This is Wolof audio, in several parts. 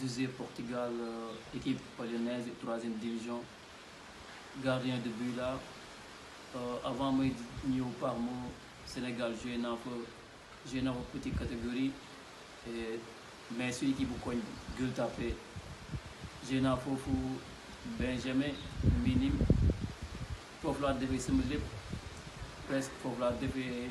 deuxième Portugal, euh, équipe polonaise, troisième division, gardien de but là. Euh, avant moi, Parmo, par mot, Sénégal jouait dans petite catégorie. Et, mais celui qui vous connaît, gueule fait j'ai un fou Benjamin, minime, pour la presque pour la devait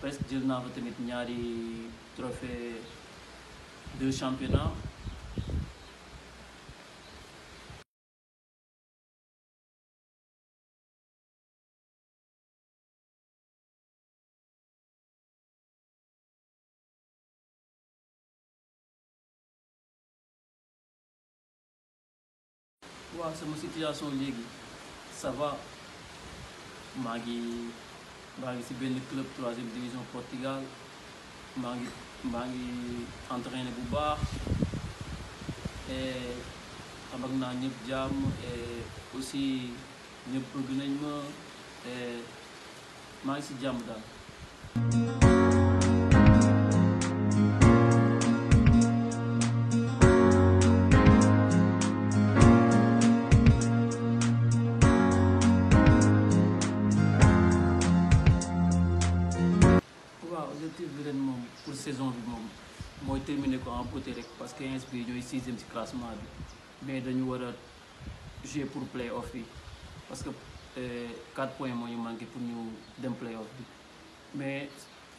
presque de naa fa tamit ñaari trophée de championnat C'est sama situation léegi ça va magi. maa ngi si benn club troisième division Portugal maa ngi maa ngi entraîné bu baax et xam naa ñëpp jàmm et aussi ñëpp bëgg nañ ma maa ngi si jàmm daal. waaw objectif moom pour saison bi moom mooy terminer ko en beauté rek parce que quinze bi ñooy sixième ci classement bi mais dañu war a jouer pour play off parce que euh, quatre points moo ñu manqué pour ñu dem play bi mais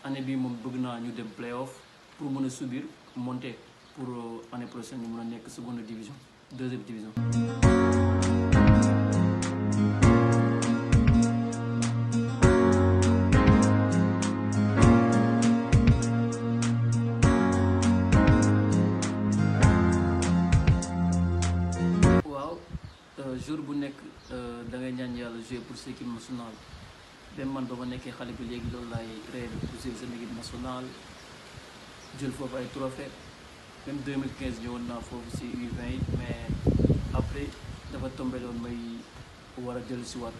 année bi moom bëgg naa ñu dem play off pour mën a subir monter pour euh, année prochaine ñu mën a nekk seconde division deuxième division Euh, jour bu nekk euh, da ngay ñaan yalla jouer pour ce équipes nationales même man ba ma nekkee xale bi léegi lool lay rêvé pour jouer seen équipe nationale jël foofu ay trophée même 2015 ñëwoon naa foofu si U20 mais après dafa tombé loon may war jël ci waat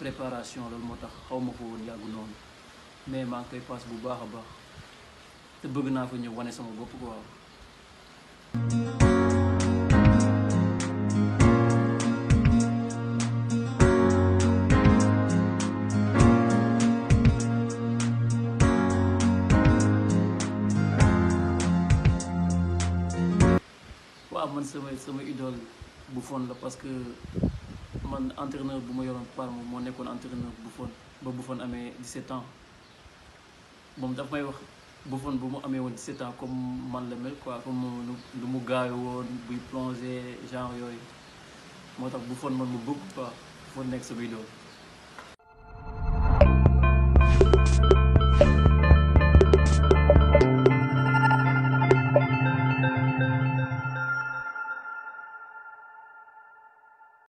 préparation lool motax xawma ko woon yàggu non mais maa ngi pass bu baax baax te bëgg naa fa ñëw wane sama bopp quoi. waaw man sama sama bu Buffon la parce que man entraîneur bu ma yoroon moom moo nekkoon entraîneur Buffon ba Buffon amee 17 ans moom daf may wax Buffon bu mu amee woon 17 ans comme man la mel quoi comme lu mu gaawe woon buy plongé genre yooyu moo tax Buffon man mu bëgg quoi Buffon nekk sama idole